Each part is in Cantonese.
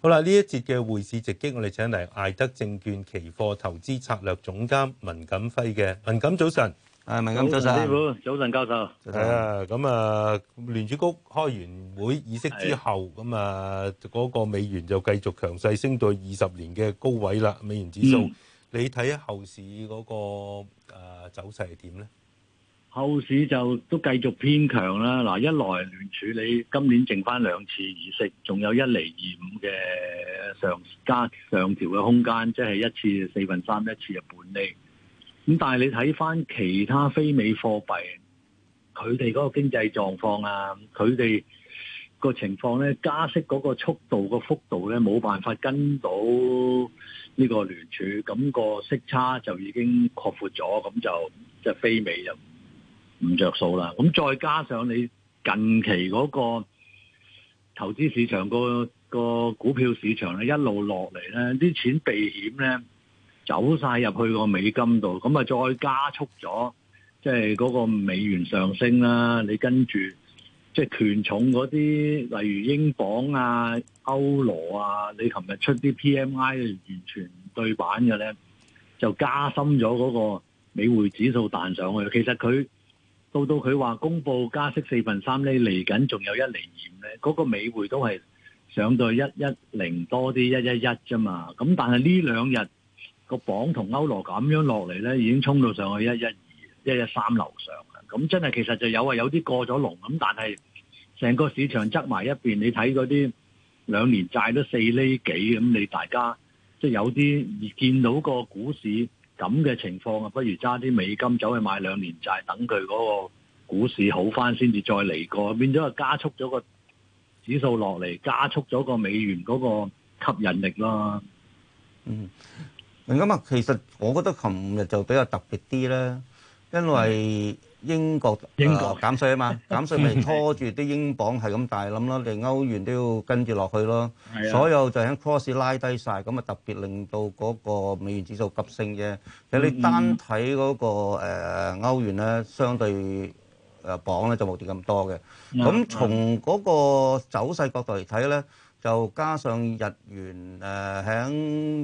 好啦，呢一節嘅匯市直擊，我哋請嚟艾德證券期貨投資策略總監文錦輝嘅文錦早晨，誒文錦早晨，師傅，早晨，教授。係晨啊，咁啊，聯儲局開完會議息之後，咁的啊，嗰、那個美元就繼續強勢升到二十年嘅高位啦，美元指數。嗯、你睇下後市嗰、那個誒、啊、走勢係點咧？後市就都繼續偏強啦。嗱，一來聯儲你今年剩翻兩次議息，仲有一厘二五嘅上加上調嘅空間，即係一次四分三，一次半厘。咁但係你睇翻其他非美貨幣，佢哋嗰個經濟狀況啊，佢哋個情況呢，加息嗰個速度、個幅度呢，冇辦法跟到呢個聯儲，咁個息差就已經擴闊咗，咁就即係、就係、非美就。唔着數啦，咁再加上你近期嗰個投資市場個、個股票市場咧，一路落嚟咧，啲錢避險咧，走晒入去個美金度，咁啊再加速咗，即係嗰個美元上升啦。你跟住即係權重嗰啲，例如英鎊啊、歐羅啊，你琴日出啲 PMI 完全對版嘅咧，就加深咗嗰個美匯指數彈上去。其實佢。到到佢話公布加息四分三厘，嚟緊仲有一厘二五咧，嗰個美匯都係上到一一零多啲一一一啫嘛。咁但係呢兩日個榜同歐羅咁樣落嚟咧，已經衝到上去一一二、一一三樓上啦。咁真係其實就有啊有啲過咗龍咁，但係成個市場側埋一邊，你睇嗰啲兩年債都四厘幾，咁你大家即係有啲見到個股市。咁嘅情況啊，不如揸啲美金走去買兩年債，等佢嗰個股市好返先至再嚟過，變咗啊加速咗個指數落嚟，加速咗個美元嗰個吸引力咯。嗯，明啊，其實我覺得琴日就比較特別啲咧。因為英國英國減稅啊嘛，減稅咪拖住啲英鎊係咁大冧咯，令歐元都要跟住落去咯。所有就喺 cross 拉低曬，咁啊特別令到嗰個美元指數急升啫。其實你單睇嗰個誒歐元咧，相對誒鎊咧就冇跌咁多嘅。咁從嗰個走勢角度嚟睇咧。就加上日元誒，喺、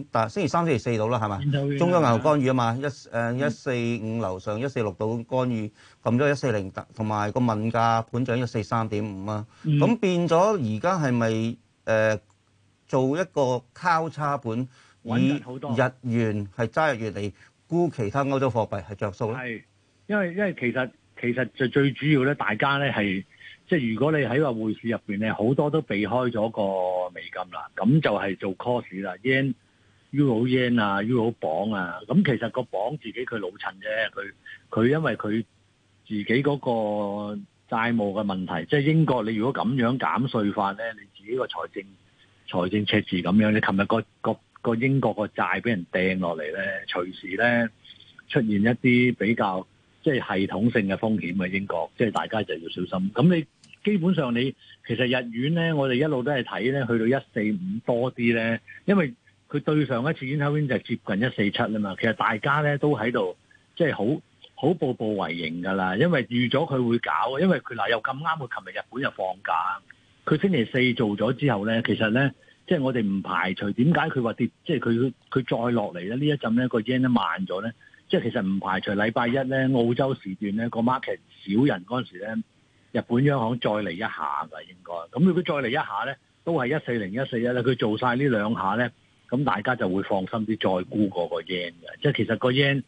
呃、大星期三、四星期四到啦，係咪？中央銀行干預啊嘛，一誒一四五樓上一四六度干預，撳咗一四零，同埋個問價盤漲一四三點五啦。咁、嗯、變咗，而家係咪誒做一個交叉盤以日元係揸入嚟沽其他歐洲貨幣係着數咧？係，因為因為其實其實就最主要咧，大家咧係。即係如果你喺個匯市入邊咧，好多都避開咗個美金啦，咁就係做 cross 啦，yen、歐元啊、歐元磅啊，咁、嗯、其實個磅自己佢老襯啫，佢佢因為佢自己嗰個債務嘅問題，即係英國你如果咁樣減稅法咧，你自己個財政財政赤字咁樣，你琴日個個個英國個債俾人掟落嚟咧，隨時咧出現一啲比較即係系統性嘅風險啊！英國即係大家就要小心，咁你。基本上你其實日元咧，我哋一路都係睇咧，去到一四五多啲咧，因為佢對上一次演抽遠就接近一四七啊嘛。其實大家咧都喺度即係好好步步為營噶啦，因為預咗佢會搞，因為佢嗱又咁啱，佢琴日日本又放假，佢星期四做咗之後咧，其實咧即係我哋唔排除點解佢話跌，即係佢佢再落嚟咧，一陣呢一陣咧個 yen 咧慢咗咧，即係其實唔排除禮拜一咧澳洲時段咧個 market 少人嗰陣時咧。日本央行再嚟一下㗎，應該。咁如果再嚟一下咧，都係一四零一四一咧。佢做晒呢兩下咧，咁大家就會放心啲，再估嗰個 yen 嘅。即係其實個 yen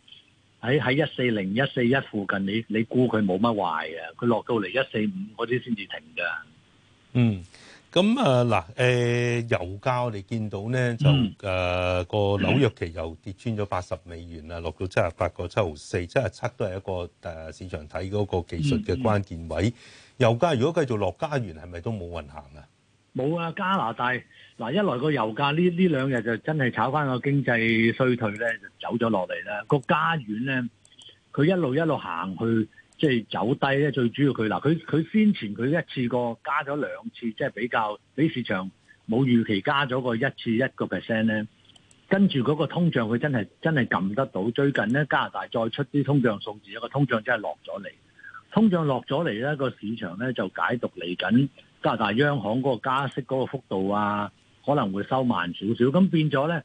喺喺一四零一四一附近，你你估佢冇乜壞嘅。佢落到嚟一四五嗰啲先至停㗎。嗯。咁啊嗱，誒、呃、油價我哋見到咧，就誒個、嗯呃、紐約期油跌穿咗八十美元啦，落到七十八個七毫四、七十七都係一個誒市場睇嗰個技術嘅關鍵位。嗯嗯、油價如果繼續落加元，係咪都冇運行啊？冇啊，加拿大嗱，一來個油價呢呢兩日就真係炒翻個經濟衰退咧，就走咗落嚟啦。個加元咧，佢一路一路行去。即係走低咧，最主要佢嗱，佢佢先前佢一次過加咗兩次，即係比較比市場冇預期加咗個一次一個 percent 咧。跟住嗰個通脹，佢真係真係撳得到。最近咧，加拿大再出啲通脹數字，一個通脹真係落咗嚟。通脹落咗嚟咧，個市場咧就解讀嚟緊加拿大央行嗰個加息嗰個幅度啊，可能會收慢少少。咁變咗咧，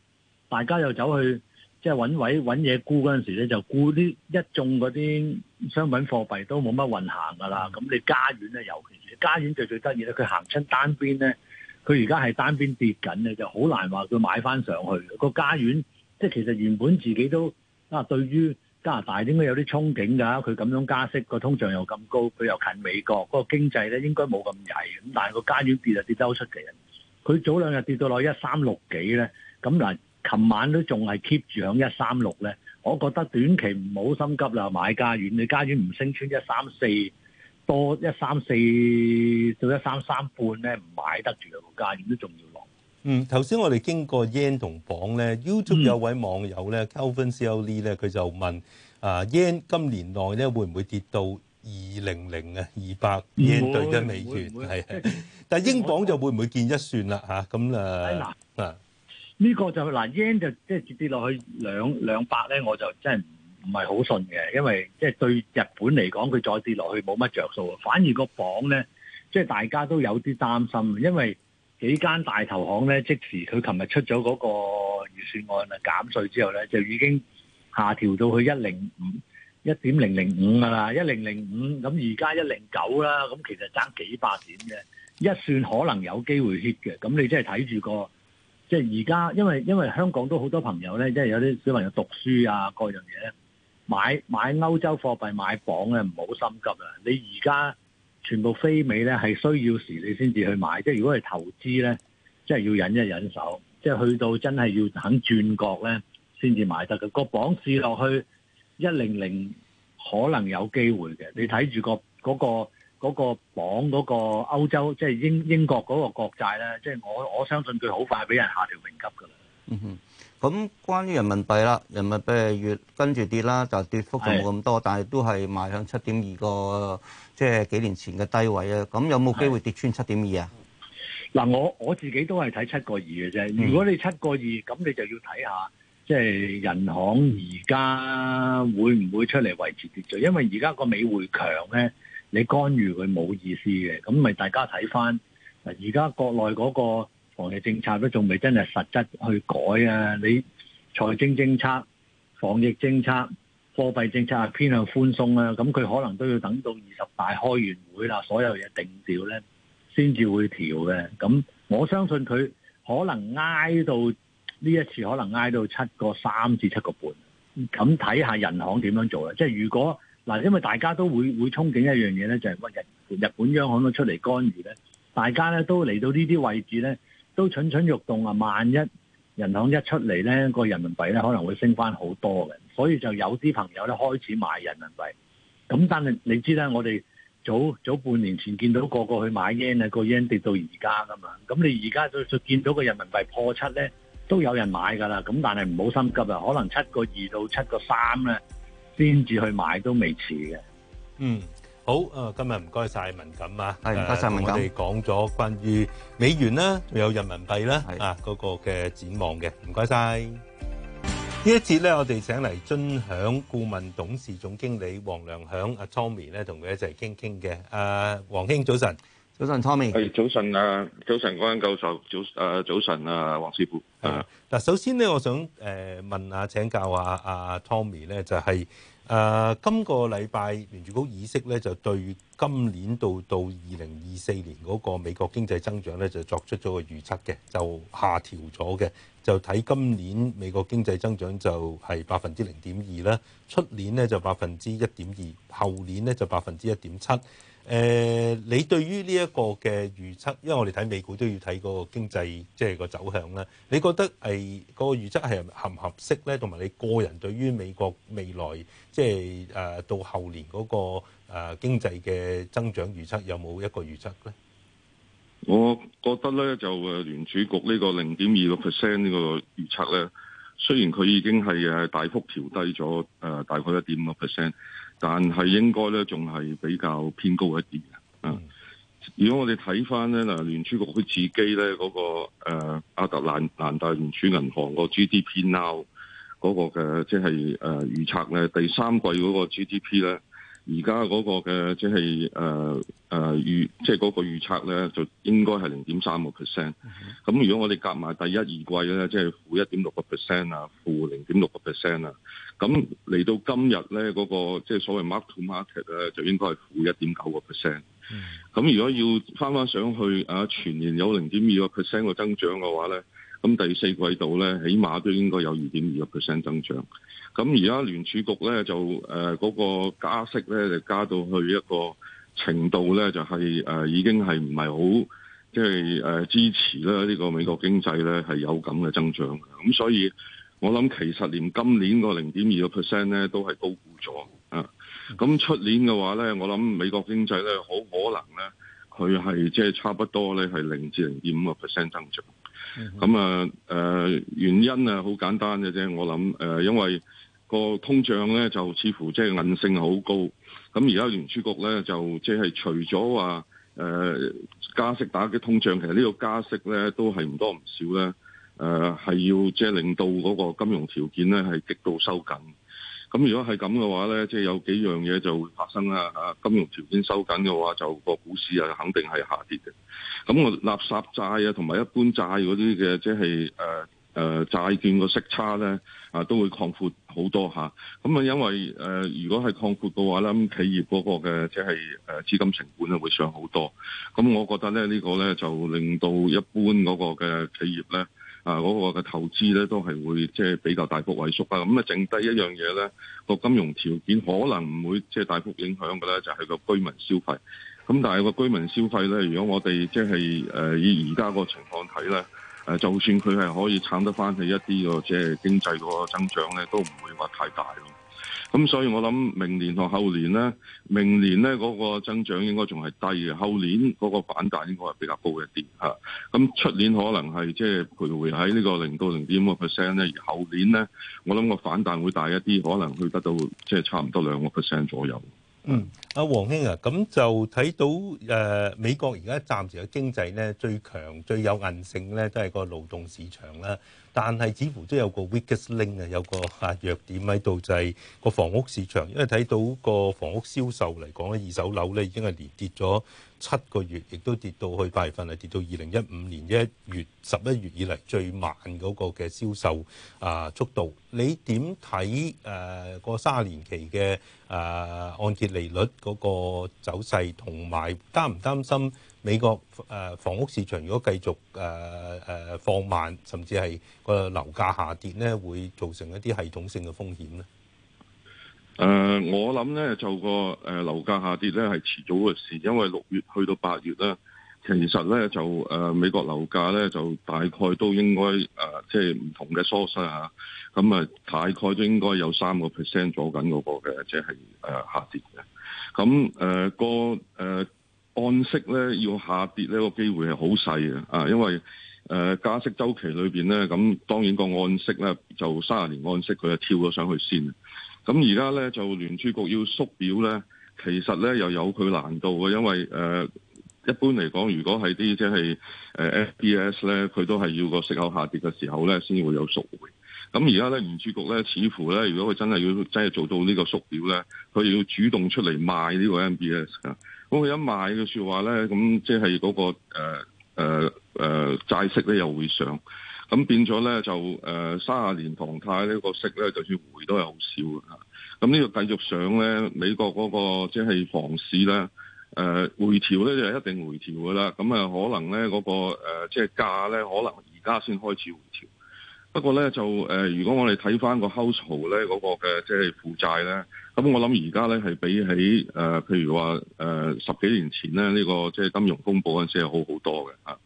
大家又走去。即係揾位揾嘢沽嗰陣時咧，就沽啲一眾嗰啲商品貨幣都冇乜運行噶啦。咁你加元咧，尤其是加元最最得意咧，佢行親單邊咧，佢而家係單邊跌緊咧，就好難話佢買翻上去。個加元即係其實原本自己都啊，對於加拿大應該有啲憧憬㗎。佢咁樣加息個通脹又咁高，佢又近美國，個經濟咧應該冇咁曳。咁但係個加元跌就跌得好出奇。佢早兩日跌到落一三六幾咧，咁難。啊琴晚都仲係 keep 住響一三六咧，我覺得短期唔好心急啦，買家遠你家遠唔升穿一三四多一三四到一三三半咧，唔買得住個家園都仲要落。嗯，頭先我哋經過 yen 同鎊咧，YouTube 有位網友咧，ConfusionCL 咧，佢就問啊，yen 今年內咧會唔會跌到二零零啊，二百 yen 兌一美元係，但係英鎊就會唔會見一算啦嚇咁誒啊！呢個就嗱，yen 就即係、就是、跌跌落去兩兩百咧，我就真係唔唔係好信嘅，因為即係、就是、對日本嚟講，佢再跌落去冇乜着數啊。反而個鎊咧，即、就、係、是、大家都有啲擔心，因為幾間大投行咧，即時佢琴日出咗嗰個預算案啊，減稅之後咧，就已經下調到去一零五一點零零五㗎啦，一零零五咁而家一零九啦，咁其實爭幾百點啫，一算可能有機會 hit 嘅，咁你真係睇住個。即係而家，因為因為香港都好多朋友咧，即係有啲小朋友讀書啊，各樣嘢咧，買買歐洲貨幣買鎊咧，唔好心急啊！你而家全部非美咧，係需要時你先至去買。即係如果係投資咧，即係要忍一忍手。即係去到真係要肯轉角咧，先至買得嘅。那個鎊試落去一零零，可能有機會嘅。你睇住個嗰個。那個嗰個綁嗰個歐洲，即係英英國嗰個國債咧，即係我我相信佢好快俾人下調評級噶啦。嗯哼，咁關於人民幣啦，人民幣越跟住跌啦，就跌幅就冇咁多，的但係都係邁向七點二個，即係幾年前嘅低位啊。咁的有冇機會跌穿七點二啊？嗱、嗯，我我自己都係睇七個二嘅啫。如果你七個二，咁你就要睇下，即係銀行而家會唔會出嚟維持秩序？因為而家個美匯強咧。你干預佢冇意思嘅，咁咪大家睇翻，而家國內嗰個防疫政策都仲未真係實質去改啊！你財政政策、防疫政策、貨幣政策係偏向寬鬆啦、啊，咁佢可能都要等到二十大開完會啦，所有嘢定調呢先至會調嘅。咁我相信佢可能挨到呢一次，可能挨到七個三至七個半，咁睇下人行點樣做啦。即係如果。嗱，因為大家都會會憧憬一樣嘢咧，就係乜人日本央行都出嚟干預咧，大家咧都嚟到呢啲位置咧，都蠢蠢欲動啊！萬一人行一出嚟咧，個人民幣咧可能會升翻好多嘅，所以就有啲朋友咧開始買人民幣。咁但係你知啦，我哋早早半年前見到個個去買 yen 啊，個 yen 跌到而家噶嘛，咁你而家就見到個人民幣破七咧，都有人買㗎啦。咁但係唔好心急啊，可能七個二到七個三咧。先至去買都未遲嘅。嗯，好。啊，今日唔該曬文錦啊。係，唔該曬文錦。我哋講咗關於美元啦，仲有人民幣啦，啊嗰個嘅展望嘅。唔該曬。呢一節咧，我哋請嚟臻享顧問董事總經理王良享阿 Tommy 咧，同佢一齊傾傾嘅。誒，王兄早晨。早晨，Tommy。係，早晨啊，早晨，高恩教授。早誒，早晨啊，王師傅。啊，嗱，首先咧，我想誒問啊，請教啊，阿 Tommy 咧，就係。誒、呃，今個禮拜聯儲局議息咧，就對今年度到到二零二四年嗰個美國經濟增長咧，就作出咗個預測嘅，就下調咗嘅。就睇今年美國經濟增長就係百分之零點二啦，出年咧就百分之一點二，後年咧就百分之一點七。誒，你對於呢一個嘅預測，因為我哋睇美股都要睇嗰個經濟，即係個走向啦。你覺得係嗰個預測係合唔合適咧？同埋你個人對於美國未來，即係誒到後年嗰個誒經濟嘅增長預測，有冇一個預測咧？我覺得咧，就誒聯儲局呢個零點二個 percent 呢個預測咧，雖然佢已經係係大幅調低咗，誒大概一點五個 percent。但係應該咧，仲係比較偏高一啲嘅。嗯、啊，如果我哋睇翻咧，嗱，聯儲局佢自己咧嗰、嗰個誒、呃、亞特蘭，蘭大聯儲銀行 now, 個 GDP now 嗰個嘅即係誒預測咧，第三季嗰個 GDP 咧。而家嗰個嘅即係誒誒預，即係嗰個預測咧，就應該係零點三個 percent。咁、mm hmm. 如果我哋夾埋第一二季咧，即、就、係、是、負一點六個 percent 啊，負零點六個 percent 啊。咁嚟到今日咧，嗰、那個即係、就是、所謂 mark to market market 咧，就應該係負一點九個 percent。咁、mm hmm. 如果要翻翻上去啊，全年有零點二個 percent 個增長嘅話咧，咁第四季度咧，起碼都應該有二點二個 percent 增長。咁而家聯儲局咧就誒嗰、呃那個加息咧就加到去一個程度咧，就係、是、誒、呃、已經係唔係好即係誒支持咧呢個美國經濟咧係有咁嘅增長。咁所以我諗其實連今年個零點二個 percent 咧都係高估咗啊。咁出年嘅話咧，我諗美國經濟咧好可能咧佢係即係差不多咧係零至零點五個 percent 增長。咁啊誒原因啊好簡單嘅啫，我諗誒、呃、因為。個通脹咧就似乎即係韌性好高，咁而家聯儲局咧就即係除咗話誒加息打擊通脹，其實呢個加息咧都係唔多唔少咧，誒係要即係令到嗰個金融條件咧係極度收緊。咁如果係咁嘅話咧，即係有幾樣嘢就會發生啦嚇。金融條件收緊嘅話，就個股市係肯定係下跌嘅。咁我垃圾債啊，同埋一般債嗰啲嘅，即係誒。誒、呃、債券個息差咧，啊都會擴闊好多嚇。咁啊，因為誒、呃、如果係擴闊嘅話咧，咁企業嗰個嘅即係誒資金成本咧會上好多。咁、啊、我覺得咧呢、這個咧就令到一般嗰個嘅企業咧，啊嗰、那個嘅投資咧都係會即係、就是、比較大幅萎縮啊。咁啊，剩低一樣嘢咧，個金融條件可能唔會即係、就是、大幅影響嘅咧，就係、是、個居民消費。咁但係個居民消費咧，如果我哋即係誒以而家個情況睇咧。呢誒，就算佢係可以撐得翻起一啲個即係經濟個增長咧，都唔會話太大咯。咁所以我諗明年同後年咧，明年咧嗰個增長應該仲係低嘅，後年嗰個反彈應該係比較高一啲吓。咁出年可能係即係徘徊喺呢個零到零點五個 percent 咧，而後年咧，我諗個反彈會大一啲，可能去得到即係差唔多兩個 percent 左右。嗯。阿王兄啊，咁就睇到誒美國而家暫時嘅經濟咧，最強最有韌性咧，都係個勞動市場啦。但係似乎都有個 weakest link 啊，有個啊弱點喺度，就係個房屋市場，因為睇到個房屋銷售嚟講咧，二手樓咧已經係連跌咗七個月，亦都跌到去八月份係跌到二零一五年一月十一月以嚟最慢嗰個嘅銷售啊速度。你點睇誒個卅年期嘅誒按揭利率？嗰個走勢同埋擔唔擔心美國誒、呃、房屋市場如果繼續誒誒、呃呃、放慢，甚至係個樓價下跌咧，會造成一啲系統性嘅風險咧？誒、呃，我諗咧就個誒樓價下跌咧係遲早嘅事，因為六月去到八月咧，其實咧就誒、呃、美國樓價咧就大概都應該誒、呃、即係唔同嘅 source 啊，咁啊大概都應該有三個 percent 左右嗰個嘅，即係誒下跌嘅。咁誒、那個誒按息咧要下跌呢個機會係好細嘅啊，因為誒、呃、加息週期裏邊咧，咁當然個按息咧就三十年按息佢就跳咗上去先。咁而家咧就聯儲局要縮表咧，其實咧又有佢難度嘅，因為誒、呃、一般嚟講，如果係啲即係誒 FPS 咧，佢都係要個息口下跌嘅時候咧，先會有縮咁而家咧，聯儲局咧，似乎咧，如果佢真係要真係做到個呢個縮表咧，佢要主動出嚟賣呢個 MBS 啊。咁佢一賣嘅説話咧，咁即係嗰個誒誒誒債息咧又會上。咁變咗咧就誒三十年房貸呢個息咧，就算回都係好少啊。咁呢個繼續上咧，美國嗰個即係房市咧，誒、呃、回調咧就係、一定回調噶啦。咁啊可能咧嗰、嗰個即係、呃就係、價咧，可能而家先開始回調。不過咧，就誒、呃，如果我哋睇翻個 household 咧，嗰個嘅即係負債咧，咁我諗而家咧係比起誒、呃，譬如話誒、呃、十幾年前咧，呢、這個即係、就是、金融風暴嗰陣時係好好多嘅嚇。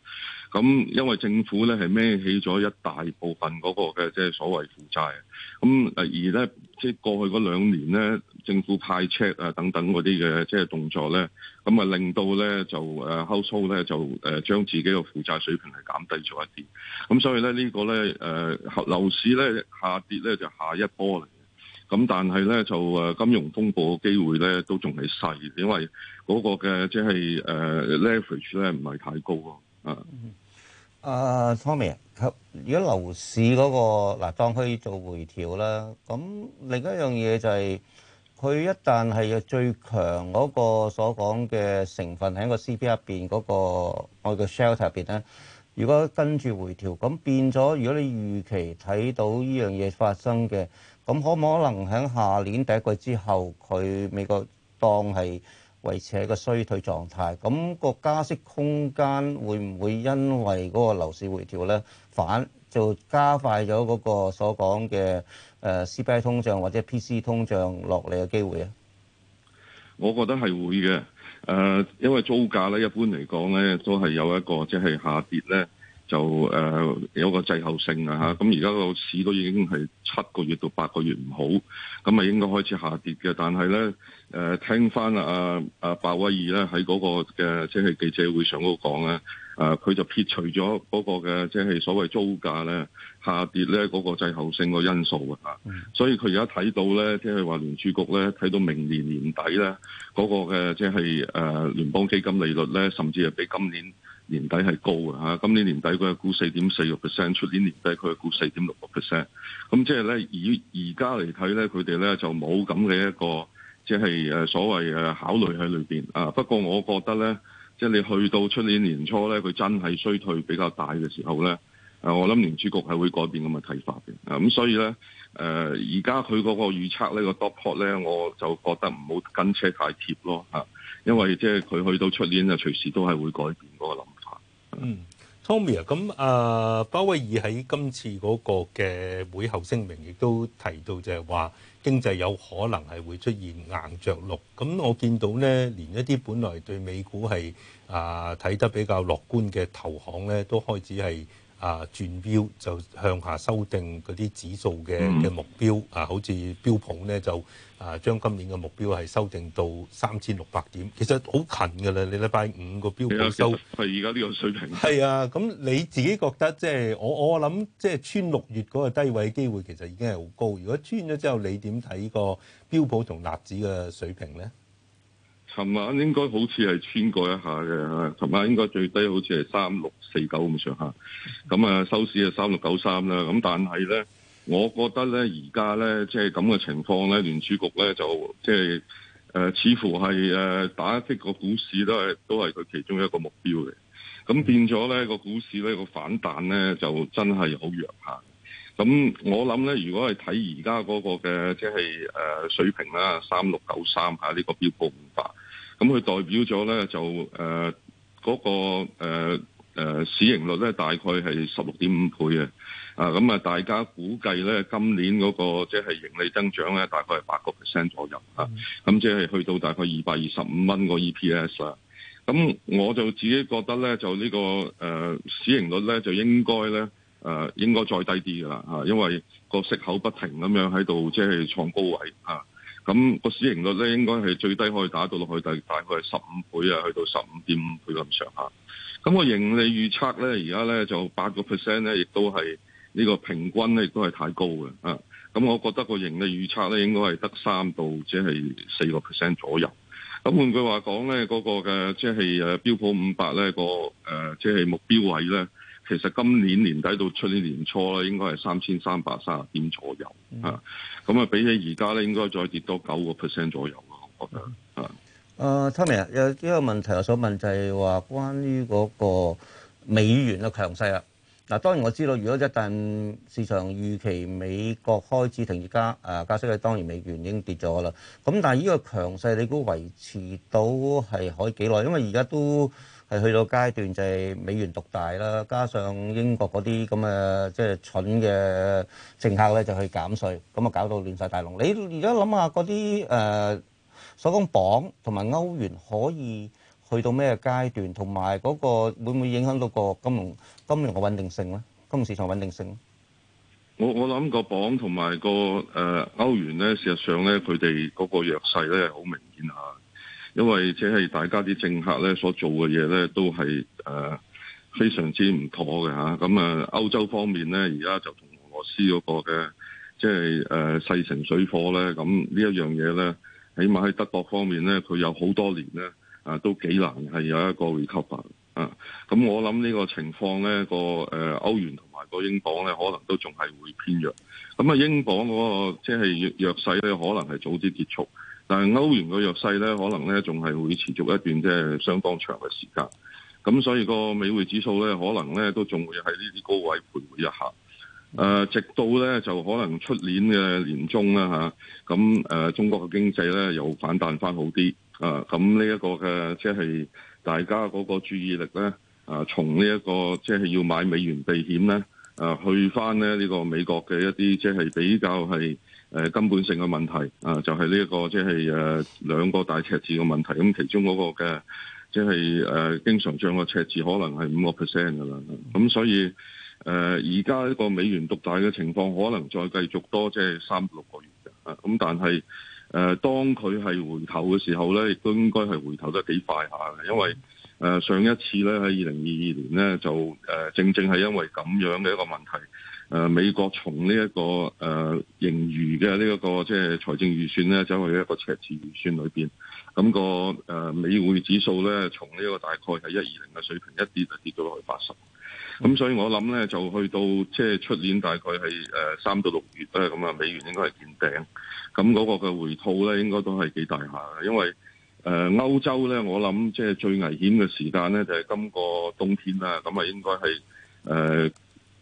咁因為政府咧係孭起咗一大部分嗰個嘅即係所謂負債，咁而咧即係過去嗰兩年咧，政府派 check 啊等等嗰啲嘅即係動作咧，咁啊令到咧就誒 household 咧就誒將自己個負債水平係減低咗一啲，咁所以咧呢、呢個咧誒樓市咧下跌咧就下一波嚟，咁但係咧就誒金融風暴嘅機會咧都仲係細，因為嗰個嘅即係誒 leverage 咧唔係太高啊。啊、uh,，Tommy，如果樓市嗰、那個嗱當佢做回調啦，咁另一樣嘢就係、是、佢一旦係嘅最強嗰個所講嘅成分喺個 CPI 入邊嗰、那個美國、那個、shelter 入邊咧，如果跟住回調咁變咗，如果你預期睇到呢樣嘢發生嘅，咁可唔可能喺下年第一季之後佢美國當係？維持喺個衰退狀態，咁、那個加息空間會唔會因為嗰個樓市回調咧，反就加快咗嗰個所講嘅誒 CPI 通脹或者 PCE 通脹落嚟嘅機會啊？我覺得係會嘅，誒、呃，因為租價咧一般嚟講咧都係有一個即係、就是、下跌咧。就誒、呃、有個滯後性啊嚇，咁而家個市都已經係七個月到八個月唔好，咁啊應該開始下跌嘅。但係咧誒，聽翻啊啊鮑威爾咧喺嗰個嘅即係記者會上嗰度講咧，誒、啊、佢就撇除咗嗰個嘅即係所謂租價咧下跌咧嗰、嗰個滯後性個因素啊，所以佢而家睇到咧，即係話聯儲局咧睇到明年年底咧嗰、嗰個嘅即係誒聯邦基金利率咧，甚至係比今年年底係高嘅嚇，今年年底佢係估四點四個 percent，出年年底佢係估四點六個 percent。咁即係咧，以而家嚟睇咧，佢哋咧就冇咁嘅一個，即係誒所謂誒考慮喺裏邊啊。不過我覺得咧，即係你去到出年年初咧，佢真係衰退比較大嘅時候咧，誒我諗聯儲局係會改變咁嘅睇法嘅。啊咁，所以咧誒而家佢嗰個預測、那個、呢個 dot plot 咧，我就覺得唔好跟車太貼咯嚇，因為即係佢去到出年啊，隨時都係會改變嗰個諗嗯，Tommy 啊，咁、呃、啊，鮑威爾喺今次嗰個嘅會後聲明亦都提到就係話經濟有可能係會出現硬着陸，咁我見到呢，連一啲本來對美股係啊睇得比較樂觀嘅投行呢，都開始係，啊，轉標就向下修訂嗰啲指數嘅嘅目標、嗯、啊，好似標普咧就啊，將今年嘅目標係修訂到三千六百點，其實好近㗎啦。你禮拜五個標普收係而家呢個水平。係啊，咁你自己覺得即係、就是、我我諗即係穿六月嗰個低位機會其實已經係好高。如果穿咗之後，你點睇個標普同納指嘅水平咧？琴晚應該好似係穿過一下嘅，琴晚應該最低好似係三六四九咁上下，咁啊收市係三六九三啦。咁但係咧，我覺得咧而家咧即係咁嘅情況咧，聯儲局咧就即係誒似乎係誒、呃、打擊個股市都係都係佢其中一個目標嘅。咁變咗咧個股市咧個反彈咧就真係好弱下。咁我諗咧，如果係睇而家嗰個嘅即係誒水平啦，三六九三嚇呢個標普五百。咁佢代表咗咧就誒嗰、呃嗰個誒、呃、市盈率咧大概係十六點五倍嘅，啊咁啊大家估計咧今年嗰、嗰個即係、就是、盈利增長咧大概係八個 percent 左右啊，咁即係去到大概二百二十五蚊個 EPS 啊，咁我就自己覺得咧就呢、呢個誒、呃、市盈率咧就應該咧誒應該再低啲噶啦嚇，因為個息口不停咁樣喺度即係創高位啊。咁個市盈率咧，應該係最低可以打到落去第大概係十五倍啊，去到十五點五倍咁上下。咁個盈利預測咧，而家咧就八個 percent 咧，亦都係呢個平均咧，亦都係太高嘅啊。咁我覺得個盈利預測咧，應該係得三到即係四個 percent 左右。咁換句話講咧，嗰個嘅即係誒標普五百咧個誒即係目標位咧，其實今年年底到出年年初咧，應該係三千三百三十點左右啊。嗯咁啊，比起而家咧，應該再跌多九個 percent 左右咯，我覺得啊。誒，Tommy 啊，有幾個問題我想問，就係話關於嗰個美元嘅強勢啊。嗱，當然我知道，如果一旦市場預期美國開始停息加，誒，加息，當然美元已經跌咗啦。咁但係呢個強勢，你估維持到係可以幾耐？因為而家都。係去到階段就係美元獨大啦，加上英國嗰啲咁嘅即係蠢嘅政客咧，就去減稅，咁啊搞到亂晒大籠。你而家諗下嗰啲誒所講鎊同埋歐元可以去到咩階段，同埋嗰個會唔會影響到個金融金融嘅穩定性咧？金融市場穩定性咧？我我諗個鎊同埋個誒、呃、歐元咧，事實上咧佢哋嗰個弱勢咧係好明顯吓。因為即係大家啲政客咧所做嘅嘢咧，都係誒非常之唔妥嘅吓。咁啊，歐洲方面咧，而家就同俄羅斯嗰個嘅即係誒勢成水火咧，咁呢一樣嘢咧，起碼喺德國方面咧，佢有好多年咧啊，都幾難係有一個 recover 啊。咁我諗呢個情況咧，個誒歐元同埋個英鎊咧，可能都仲係會偏弱。咁啊，英鎊嗰個即係弱勢咧，可能係早啲結束。但係歐元個弱勢咧，可能咧仲係會持續一段即係相當長嘅時間，咁所以個美匯指數咧，可能咧都仲會喺呢啲高位徘徊一下，誒、呃，直到咧就可能出年嘅年中啦吓，咁、啊、誒、嗯呃，中國嘅經濟咧又反彈翻好啲，啊，咁呢一個嘅即係大家嗰個注意力咧，啊，從呢、這、一個即係要買美元避險咧，啊，去翻咧呢、這個美國嘅一啲即係比較係。誒、呃、根本性嘅問題啊、呃，就係呢一個即係誒兩個大赤字嘅問題。咁其中嗰、那個嘅、呃、即係誒、呃、經常帳嘅赤字，可能係五個 percent 㗎喇。咁、嗯、所以誒而家呢個美元獨大嘅情況，可能再繼續多即係三六個月嘅。啊，咁但係誒、呃、當佢係回頭嘅時候咧，亦都應該係回頭得幾快下嘅，因為誒、呃、上一次咧喺二零二二年咧就誒、呃、正正係因為咁樣嘅一個問題。誒，美國從呢一個誒盈餘嘅呢一個即係財政預算咧，走去一個赤字預算裏邊，咁個誒美匯指數咧，從呢個大概係一二零嘅水平一，一跌就跌到落去八十。咁所以我諗咧，就去到即係出年大概係誒三到六月咧，咁啊美元應該係見頂，咁嗰個嘅回吐咧，應該都係幾大下。因為誒歐洲咧，我諗即係最危險嘅時間咧，就係今個冬天啦。咁啊，應該係誒。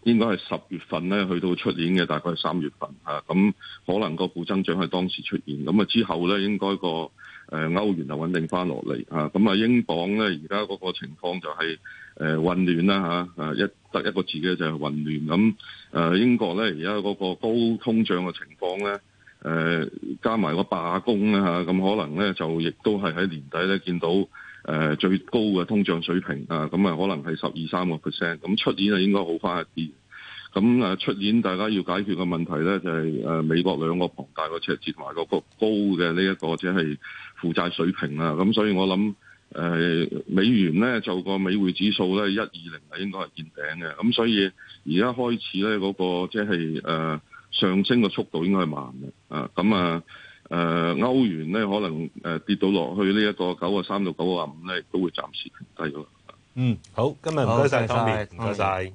應該係十月份咧，去到出年嘅大概係三月份嚇，咁、啊、可能個負增長係當時出現，咁啊之後咧，應該個誒歐元就穩定翻落嚟嚇，咁啊英鎊咧，而家嗰個情況就係、是、誒、呃、混亂啦嚇，誒、啊、一得一個字嘅就係混亂咁，誒、啊、英國咧，而家嗰個高通脹嘅情況咧，誒、啊、加埋個罷工咧嚇，咁、啊、可能咧就亦都係喺年底咧見到。誒、呃、最高嘅通脹水平啊，咁啊可能係十二三個 percent，咁出年應該就應該好翻一啲。咁誒出年大家要解決嘅問題咧，就係、是、誒、啊、美國兩個龐大嘅赤字同埋嗰個高嘅呢一個即係負債水平啊。咁所以我諗誒、啊、美元咧就個美匯指數咧，一二零係應該係見頂嘅。咁、啊、所以而家開始咧嗰、那個即係誒上升嘅速度應該係慢嘅啊。咁啊。誒、呃、歐元咧，可能誒、呃、跌到落去到呢一個九啊三到九啊五咧，都會暫時停低咗啦。嗯，好，今日唔該晒，唔該晒。